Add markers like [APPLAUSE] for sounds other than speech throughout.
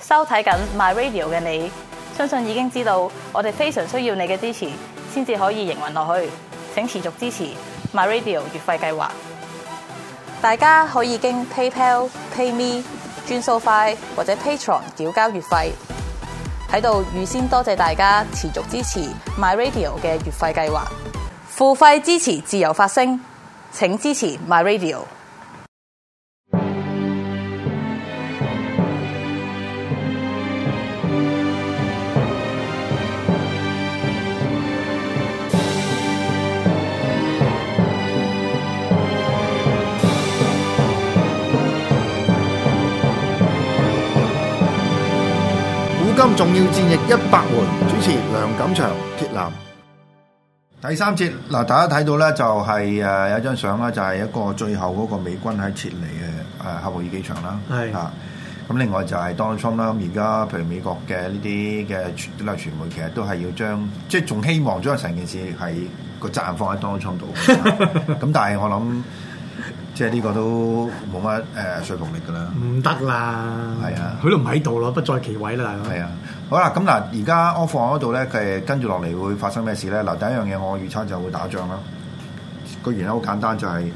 收睇緊 My Radio 嘅你，相信已經知道我哋非常需要你嘅支持，先至可以營運落去。請持續支持 My Radio 月費計劃。大家可以經 PayPal、PayMe、轉數快或者 Patreon 繳交月費。喺度預先多謝大家持續支持 My Radio 嘅月費計劃，付費支持自由發聲。請支持 My Radio。重要戰役一百回，主持梁錦祥、鐵男。第三節嗱，大家睇到咧就係誒有張相啦，就係、是一，就是、一個最後嗰個美軍喺撤離嘅誒喀布爾機場啦。係啊是，咁另外就係特朗普啦。咁而家譬如美國嘅呢啲嘅主流傳媒，其實都係要將即係仲希望將成件事嘅個責任放喺特朗普度。咁 [LAUGHS] 但係我諗。即係呢個都冇乜誒説服力㗎啦，唔得啦，係啊，佢都唔喺度咯，不在其位啦係嘛，係啊，好啦，咁嗱，而家安放嗰度咧，佢跟住落嚟會發生咩事咧？嗱，第一樣嘢我預測就會打仗啦。個原因好簡單，就係，就係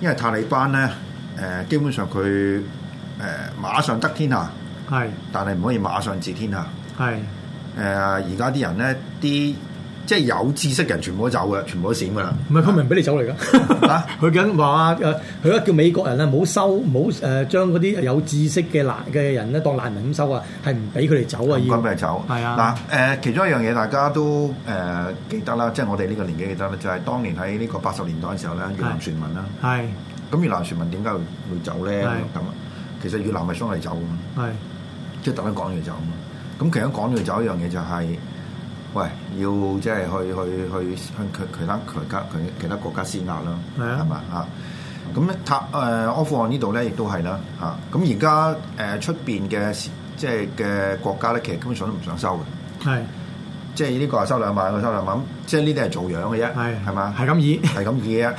因為塔利班咧，誒、呃、基本上佢誒、呃、馬上得天下，係，是 但係唔可以馬上治天下，係是、呃，誒而家啲人咧啲。即係有知識嘅人全部都走嘅，全部都閃噶啦。唔係佢唔俾你走嚟噶，佢梗話誒，佢而家叫美國人咧，唔好收，唔好誒，將嗰啲有知識嘅難嘅人咧當難民咁收啊，係唔俾佢哋走啊要。唔俾佢走。係啊。嗱誒，其中一樣嘢大家都誒、呃、記得啦，即係我哋呢個年紀記得啦，就係、係、當年喺呢個八十年代嘅時候咧，越南船民啦。係是。咁越南船民點解會走咧？咁是其實越南係想嚟走啊。係是。即係特登趕佢走啊。咁其實趕佢走一樣嘢就係、係。喂，要即係去去去向其其他國家、其其他國家施壓啦，係啊，係嘛嚇？咁咧，塔誒阿富汗呢度咧，亦都係啦嚇。咁而家誒出邊嘅即係嘅國家咧，其實根本上都唔想收嘅，係即係呢個係收兩萬，佢收兩萬，即係呢啲係做樣嘅啫，係係嘛？係咁易，係咁易啊？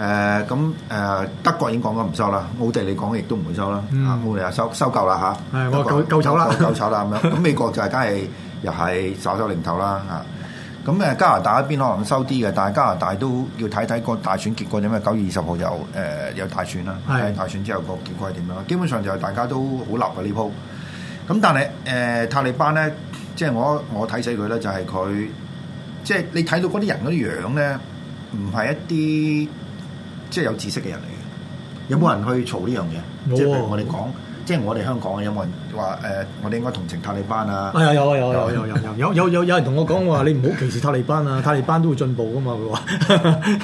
誒咁誒，德國已經講過唔收啦，奧地利講嘅亦都唔會收啦，啊澳大利啊收收夠啦嚇，夠夠籌啦，夠籌啦咁樣，咁美國就係梗係。又係稍稍零頭啦嚇，咁誒加拿大一邊可能收啲嘅，但係加拿大都要睇睇個大選結果點樣。九月二十號有誒、呃、有大選啦，是大選之後個結果係點樣。基本上就係大家都好立嘅呢鋪。咁但係誒、呃、塔利班咧，即係我我睇死佢咧，就係佢即係你睇到嗰啲人嗰啲樣咧，唔係一啲即係有知識嘅人嚟嘅。嗯、有冇人去嘈呢樣嘢？即係我哋講。即係我哋香港有冇人話誒、呃，我哋應該同情塔利班啊！係啊，有啊，有 [LAUGHS] 有有有有有有有有人同我講話，你唔好歧視塔利班啊！塔利班都會進步㗎嘛。佢 [LAUGHS] 話，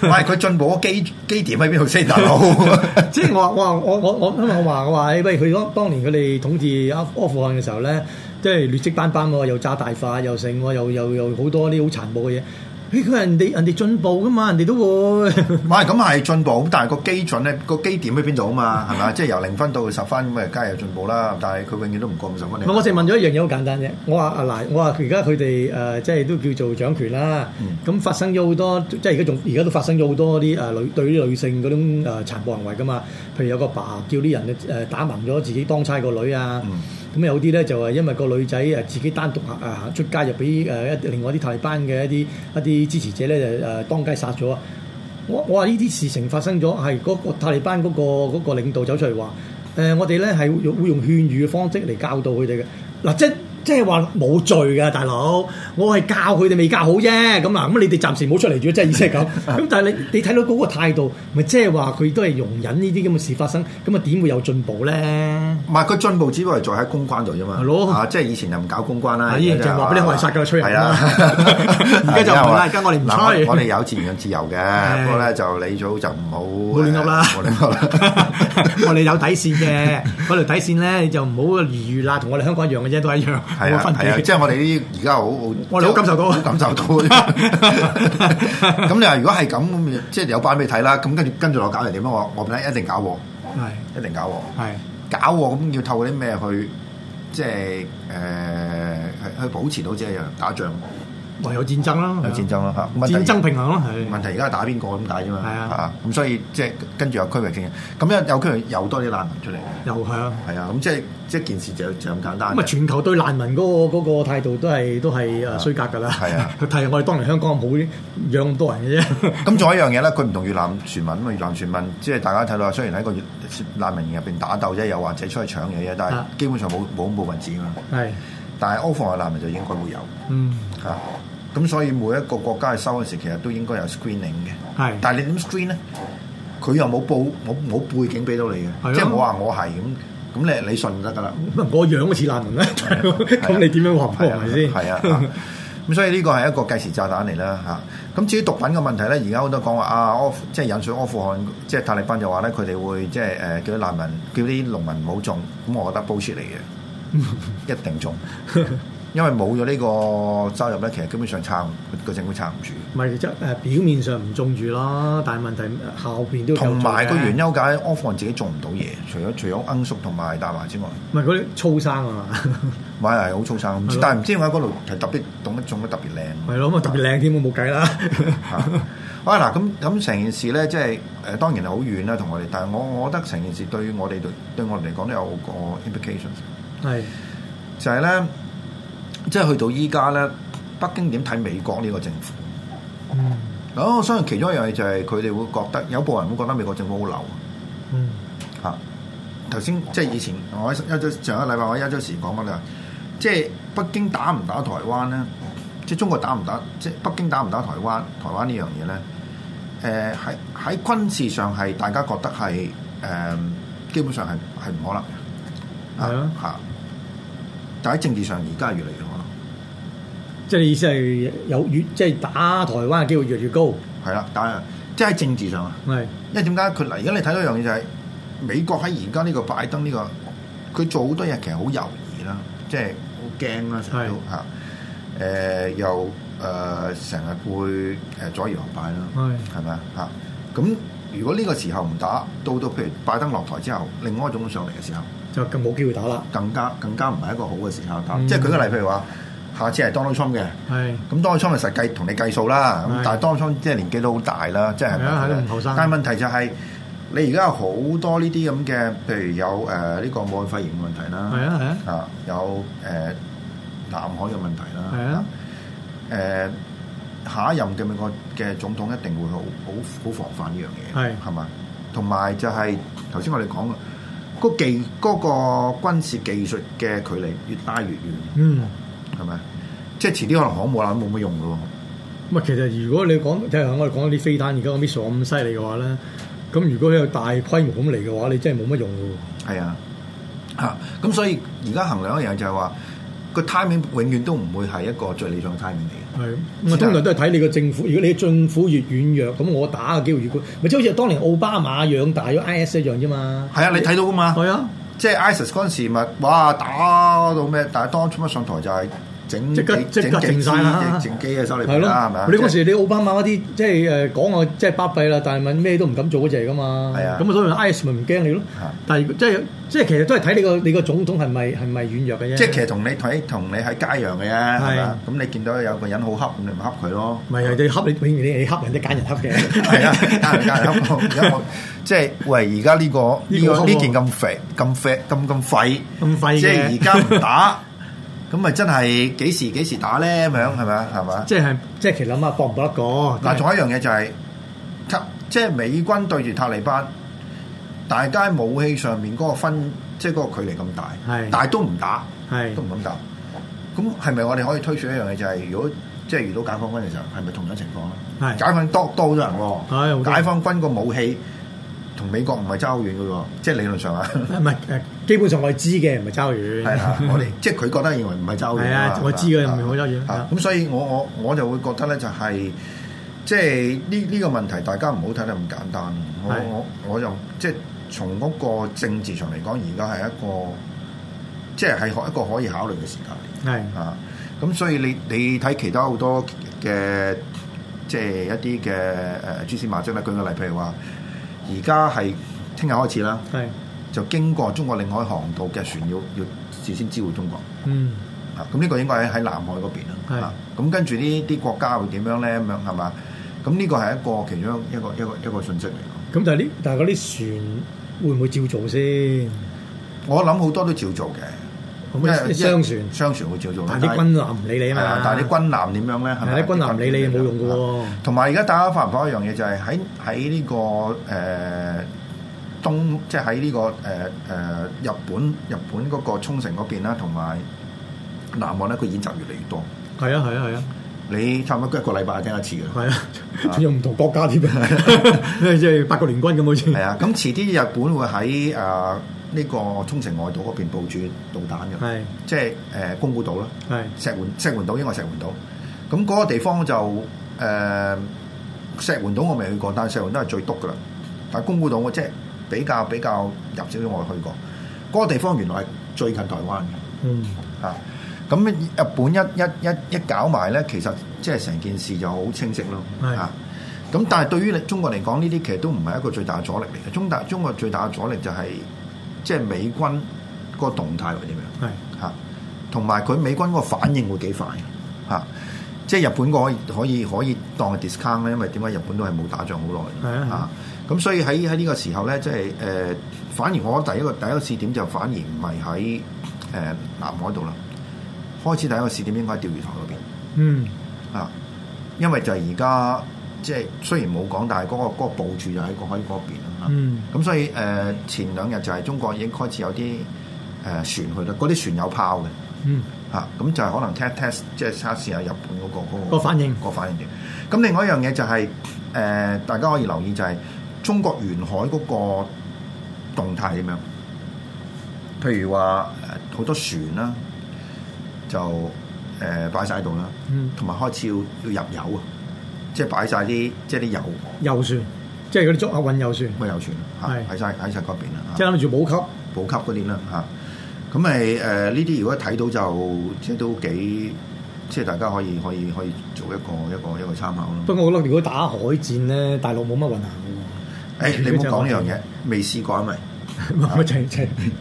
但係佢進步嘅基基點喺邊度先大佬？ [LAUGHS] [LAUGHS] 即係我話，我我我因我話我話，不如佢當年佢哋統治阿，阿富汗嘅時候咧，即係劣跡斑斑喎，又炸大化，又成，又又又好多啲好殘暴嘅嘢。佢佢人哋人哋進步噶嘛，人哋都會。唔係咁係進步，但係個基準咧，個基點喺邊度啊嘛？係嘛？即係由零分到十分咁啊，皆有進步啦。但係佢永遠都唔過五十分。唔係，我淨問咗一樣嘢好簡單啫。我話啊嗱，我話而家佢哋誒即係都叫做掌權啦。咁發生咗好多，即係而家仲而家都發生咗好多啲誒女對於女性嗰種誒殘暴行為噶嘛？譬如有個爸叫啲人誒打盲咗自己當差個女啊。咁有啲咧就話，係，因為個女仔啊自己單獨行行出街，就俾誒一另外啲塔利班嘅一啲一啲支持者咧就誒當街殺咗。我我話呢啲事情發生咗，係嗰個塔利班嗰，嗰個嗰，嗰個領導走出嚟話：誒、呃，我哋咧係會用勸喻嘅方式嚟教導佢哋嘅嗱即。即係話冇罪嘅，大佬，我係教佢哋未教好啫。咁啊，咁你哋暫時冇出嚟住，即係意思係咁。咁但係你你睇到嗰個態度，咪即係話佢都係容忍呢啲咁嘅事發生。咁啊，點會有進步咧？唔係，個進步只不過係做喺公關度啫嘛。係咯，啊，即係以前又唔搞公關啦。係啊，就話俾你我係殺嘅催人。係啦，而家就唔啦，而家我哋唔催。我哋有自由，有自由嘅。不過咧，就你早就唔好。唔好亂噏啦！我哋我哋有底線嘅，嗰條底線咧，你就唔好逾越啦。同我哋香港一樣嘅啫，都係一樣。係啊，係啊，啊，即係我哋啲而家好好，我哋好感受到，感受到。 [LAUGHS] [LAUGHS] 咁你話如果係咁，咁即係有班俾你睇啦。咁跟住跟住我搞嚟點樣？我我唔一定搞喎，係，一定搞喎。係是。是 搞喎，咁要透過啲咩去？即係誒，去、呃、去保持到即係有人打仗。有戰爭啦，有戰爭啦嚇，戰爭平衡咯。問題而家係打邊個咁打啫嘛，嚇咁所以即係跟住有區域性，咁樣有區域又多啲難民出嚟，又係啊，係啊，咁即係即係件事就就咁簡單。咁啊，全球對難民嗰個嗰個態度都係都係誒衰格㗎啦，係啊，但係我哋當年香港冇好，養咁多人嘅啫。咁仲有一樣嘢咧，佢唔同越南船民，咁啊越南船民即係大家睇到啊，雖然喺個難民入邊打鬥啫，又或者出去搶嘢啫，但係基本上冇冇恐怖分子㗎嘛。係，但係歐防嘅難民就應該會有，嗯嚇。咁所以每一個國家去收嘅時，其實都應該有 screening 嘅。係、啊，但係你點 screen 咧？佢又冇報冇冇背景俾到你嘅，啊、即係我話我係咁咁，你你信得㗎啦。我樣都似難民咧？咁你點樣鑑別？係咪先？係啊。咁所以呢個係一個計時炸彈嚟啦吓。咁、啊、至於毒品嘅問題咧，而家好多講話啊，即係引述阿富汗，即係塔利班就話咧，佢哋會即係誒、呃、叫啲難民，叫啲農民唔好種。咁我覺得 bullshit 嚟嘅， [LAUGHS] 一定種。 [LAUGHS] 因為冇咗呢個收入咧，其實根本上撐個政府撐唔住。唔係，即係誒表面上唔種住咯，但係問題後邊都同埋個原憂解，阿富汗自己種唔到嘢。除咗除咗罌粟同埋大麻之外，唔係嗰啲粗生啊嘛，唔係係好粗生，的的但係唔知點解嗰度特別種得特別靚。係咯的，咁是特別靚添冇計啦。啊嗱，咁咁成件事咧，即係誒當然係好遠啦，同我哋。但係我我覺得成件事對我哋對，對我哋嚟講都有個 implications 的。係就係咧。即係去到依家咧，北京點睇美國呢個政府？嗱、嗯，我、哦、相信其中一樣嘢就係佢哋會覺得有部分人會覺得美國政府好流。嗯，嚇、啊。頭先即係以前我，在一我一週上一個禮拜我喺一週時講乜咧？即係北京打唔打台灣咧？即係中國打唔打？即係北京打唔打台灣？台灣這呢樣嘢咧？誒、呃，喺喺軍事上係大家覺得係誒、呃，基本上係係唔可能嘅。咯、啊，嚇的、啊。但喺政治上，而家越嚟越可即係意思係有越即係打台灣嘅機會越來越高。係啦，但係即係政治上啊。係，是的 因為點解佢嗱？而家你睇到一樣嘢就係，美國喺而家呢個拜登呢個，佢做好多嘢其實好猶豫啦，即係好驚啦，成日嚇，誒又誒成日會誒左搖右擺啦，係咪啊？咁、嗯、如果呢個時候唔打，到到譬如拜登落台之後，另外一種上嚟嘅時候，就更冇機會打啦。更加更加唔係一個好嘅時候打。嗯、即係舉個例，譬如話。下次係 Donald Trump 嘅，係咁 Donald Trump 係實計同你計數啦。咁的但係 Donald Trump 即係年紀都好大啦，即係的。係啊的，係都唔後生。但係問題就係你而家有好多呢啲咁嘅，譬如有誒呢、呃這個武漢肺炎嘅問題啦，係啊係啊，啊有、呃、南海嘅問題啦，的啊下一任嘅美國嘅總統一定會好好好防範呢樣嘢，係係嘛？同埋的就係頭先我哋講嘅，嗰技個個軍事技術嘅距離越拉越遠，嗯。係咪？即係遲啲可能航母啦都冇乜用噶喎。咁啊，其實如果你講，即係我哋講啲飛彈，而家咁少咁犀利嘅話咧，咁如果有大規模咁嚟嘅話，你真係冇乜用噶。係啊，吓、啊，咁所以而家衡量一樣就係話個 timing 永遠都唔會係一個最理想 timing 嚟嘅。係、啊，通常都係睇你個政府。如果你嘅政府越軟弱，咁我打嘅機會越高。咪即係好似當年奧巴馬養大咗 IS 一樣啫嘛。係啊，你睇到噶嘛係你啊，即係 ISIS 陣時咪哇打。收到咩？但係當初乜上台就係、是。整即刻即刻整曬嚇，整機嘅收嚟得啦，係咪啊？你嗰時你奧巴馬嗰啲即係誒講我即係巴閉啦，但係問咩都唔敢做嗰隻嚟㗎嘛？係啊，咁啊所以 IS 咪唔驚你咯？但係即係即係其實都係睇你個你個總統係咪係咪軟弱嘅啫？即係其實同你睇同你喺街羊嘅啫，係嘛？咁你見到有個人好恰，你咪恰佢咯？咪係對恰你永遠你，你恰人哋揀人恰嘅，係啊，揀人揀人恰。即係喂，而家呢個呢個呢件咁肥咁肥咁咁廢咁廢嘅，即係而家唔打。咁咪真係幾時幾時打咧？咁樣係咪？係咪？即係即係，其實諗下，搏唔搏得過？嗱，仲有一樣嘢就係塔，即係美軍對住塔利班，大家武器上面嗰個分，即係嗰個距離咁大，係但係都唔打，係都唔敢打。咁係咪我哋可以推出一樣嘢，就係？就係如果即係遇到解放軍嘅時候，係咪同樣情況？解放軍多多好多人喎，解放軍個武器。同美國唔係爭好遠嘅喎，即、就、係、是、理論上啊。唔係基本上我係知嘅，唔係爭好遠。係、啊、我哋即係佢覺得認為唔係爭好遠。啊，我知嘅唔係好遠。嚇，咁所以我我我就會覺得咧、就是，就係即係呢呢個問題，大家唔好睇得咁簡單。啊、我我我就即係、就是、從嗰個政治上嚟講，而家係一個即係係可一個可以考慮嘅時間。係啊，咁、啊啊、所以你你睇其他好多嘅即係一啲嘅誒蛛絲馬跡啦，舉、呃、個例，譬如話。而家係聽日開始啦，是就經過中國領海航道嘅船要要事先知會中國。嗯，啊，咁呢個應該喺喺南海嗰邊啦。咁是、啊、跟住呢啲國家會點樣咧？咁樣係嘛？咁呢個係一個其中一個一個一個訊息嚟。咁就係啲，但係嗰啲船會唔會照做先？我諗好多都照做嘅。咁咩商船商船會照做，但係啲軍艦唔理你啊嘛。但係啲軍艦點樣咧？係咪？啲軍艦唔理你冇用嘅喎。同埋而家大家發唔發一？一樣嘢就係喺喺呢個誒、呃、東，即係喺呢個誒誒、呃、日本日本嗰個沖繩嗰邊啦，同埋南韓咧，佢演習越嚟越多。係啊係啊係啊！是是你差唔多一個禮拜聽一次嘅。係的啊，用唔同國家啲即係八國聯軍咁好似。係啊，咁遲啲日本會喺誒。呃呢個沖繩外島嗰邊部署導彈嘅，是 即係誒、呃、宮古島啦是，石垣石垣島應該係石垣島，咁、那、嗰個地方就誒、呃、石垣島我未去過，但係石垣島係最篤㗎啦。但係宮古島我即係比較比較入少少，我去過嗰、那個地方，原來係最近台灣嘅。嗯、啊，嚇咁日本一一一一搞埋咧，其實即係成件事就好清晰咯。是 啊，咁但係對於你中國嚟講，呢啲其實都唔係一個最大嘅阻力嚟嘅。中大中國最大嘅阻力就係、是。即係美軍個動態或者點樣？係嚇，同埋佢美軍個反應會幾快嘅嚇。即係日本，我可以可以可以當係 discount 咧，因為點解日本都係冇打仗好耐嚇。咁、啊、所以喺喺呢個時候咧，即係誒、呃，反而我覺得第一個第一個試點就反而唔係喺誒南海度啦。開始第一個試點應該係釣魚台嗰邊。嗯嚇，因為就係而家。即係雖然冇講，但係、那、嗰、個那個部署就喺海嗰邊啦。嗯、啊，咁所以誒、呃、前兩日就係中國已經開始有啲誒、呃、船去到嗰啲船有炮嘅。嗯、啊，嚇，咁就係可能 test test 即係測試下日本、那個嗰、那個、反個反應個反應嘅。咁另外一樣嘢就係、是、誒、呃、大家可以留意就係、是、中國沿海嗰個動態點樣？譬如話好、呃、多船啦，就誒擺晒度啦，同、呃、埋、嗯、開始要要入油啊！即係擺晒啲，即係啲油油船，即係嗰啲捉客運油船，咩油船？係喺晒喺晒嗰邊啦是。即係諗住補給，補給嗰啲啦嚇。咁咪誒呢啲如果睇到就即係都幾，即係大家可以可以可以做一個一個一個參考咯。不過我覺得如果打海戰咧，大陸冇乜運行嘅喎。誒，你唔好講呢樣嘢，未試過啊咪？是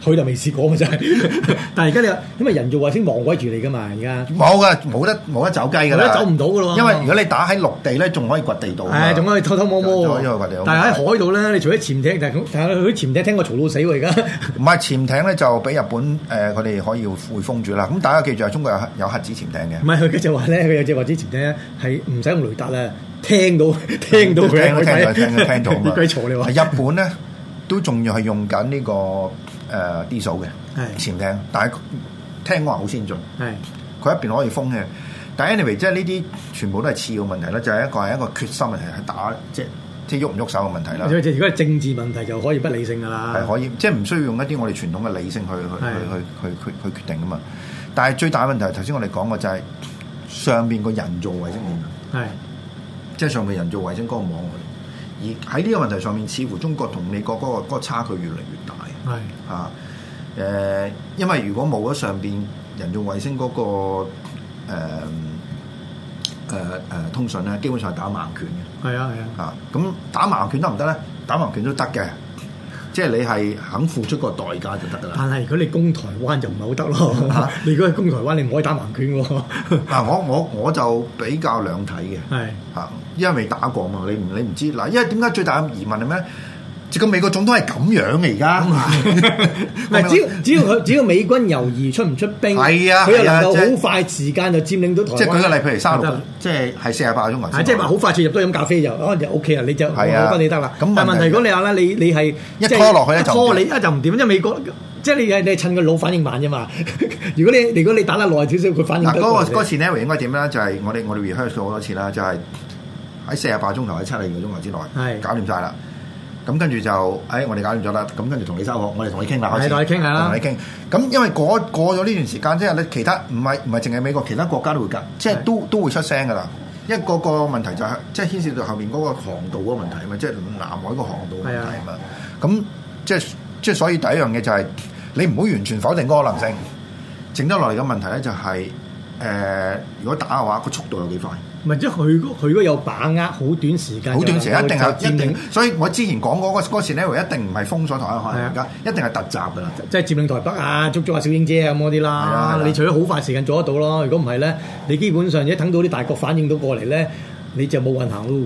佢 [LAUGHS] 就未試過嘅真係，但係而家你因為人造衛星望鬼住你噶嘛而家。冇噶，冇得冇得走雞噶啦，走唔到噶咯。因為如果你打喺陸地咧，仲可以掘地道。係仲可以偷偷摸摸。仲可以掘地。但係喺海度咧，你除咗潛艇就係咁，但係佢啲潛艇聽過嘈到死喎而家。唔係潛艇咧就俾日本誒佢哋可以會封住啦。咁大家記住中國有核有核子潛艇嘅。唔係佢就話咧，佢有隻核子潛艇係唔使用雷達啊，聽到聽到佢。聽到對他聽到聽鬼坐你話。 [LAUGHS] [LAUGHS] 日本咧。 [LAUGHS] 都仲要係用緊、這、呢個誒、呃、D 數嘅潛艇，但係聽講話好先進，佢是的 一邊可以封嘅。但係 anyway，即係呢啲全部都係次要問題啦，就係一個係一個決心問題，係打即即喐唔喐手嘅問題啦。如果係政治問題，就可以不理性噶啦，係可以，即係唔需要用一啲我哋傳統嘅理性去是的 去去去去去決定噶嘛。但係最大的問題係頭先我哋講嘅就係、是、上邊個人造衛星冇，即係上邊人造衛星個網而喺呢個問題上面，似乎中國同美國嗰個差距越嚟越大。係啊，誒、啊，因為如果冇咗上邊人造衛星嗰、嗰個誒誒、呃呃呃、通訊咧，基本上係打盲拳嘅。係啊，係啊。啊，咁打盲拳得唔得咧？打盲拳都得嘅，即係你係肯付出個代價就得噶啦。但係如果你攻台灣就唔係好得咯。 [LAUGHS] 你如果係攻台灣，你唔可以打盲拳喎。嗱， [LAUGHS] 我我我就比較兩睇嘅。係啊。因為未打過嘛，你唔你唔知嗱。因為點解最大嘅疑問係咩？個美國總統係咁樣嘅而家，唔係 [LAUGHS] [LAUGHS] 只要只要佢只要美軍猶豫出唔出兵，係啊，佢又能夠好快時間就佔領到台。即係舉個例36，是是，譬如三六，即係係四十八鐘頭。即係話好快進入都飲咖啡就，可能、OK, 就 OK 啊，你就我幫你得啦。但係問題是如果你話咧，你你係一拖落去咧就拖，你是一就唔掂，因為美國即係、就是、你你係趁個腦反應慢啫嘛。 [LAUGHS] 如果你如果你打得耐少少，佢反應嗱嗰、那個嗰次、那個、呢？應該點咧？就係我哋我哋 rehearse 過好多次啦，就係。喺四十八鐘頭，喺七十二個鐘頭之內，係是的 搞掂晒啦。咁跟住就，誒、哎、我哋搞掂咗啦。咁跟住同你收好，我哋同你傾啦，跟你我哋同你傾下啦。咁因為過咗呢段時間之後，你其他唔係唔係淨係美國，其他國家都會是的 即係都都會出聲噶啦。一個個問題就係、是，即係牽涉到後面嗰個航道個問題啊嘛，即係南海個航道問題啊嘛。咁是的 即係即係，所以第一樣嘢就係、是、你唔好完全否定嗰個可能性。剩得落嚟嘅問題咧就係、是，誒、呃、如果打嘅話，個速度有幾快？咪即係佢個佢有把握好短時間，好短時間一定係佔定。所以我之前講嗰個歌詞一定唔係封鎖台灣海峽，一定係突襲㗎啦，即係佔領台北啊，捉捉阿小英姐啊咁嗰啲啦。你除咗好快時間做得到咯，如果唔係咧，你基本上一等到啲大國反應到過嚟咧，你就冇運行咯。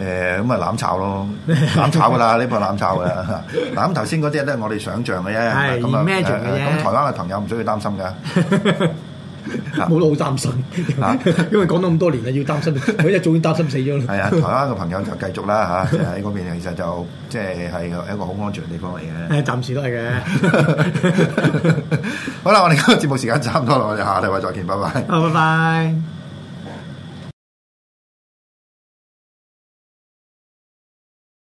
誒咁咪攬炒咯，攬炒㗎啦，呢個攬炒㗎啦。嗱咁頭先嗰啲咧，都係我哋想像嘅啫，咁咁台灣嘅朋友唔需要擔心㗎。冇得好擔心，啊、因為講咗咁多年啦，要擔心，每、啊、 [LAUGHS] 一早要擔心死咗啦。係啊，台灣嘅朋友就繼續啦吓，喺嗰邊其實就即係係一個好安全嘅地方嚟嘅。暫、哎、時都係嘅。 [LAUGHS] [LAUGHS] 好啦，我哋今個節目時間差唔多啦，我哋下禮拜再見，拜拜。拜拜。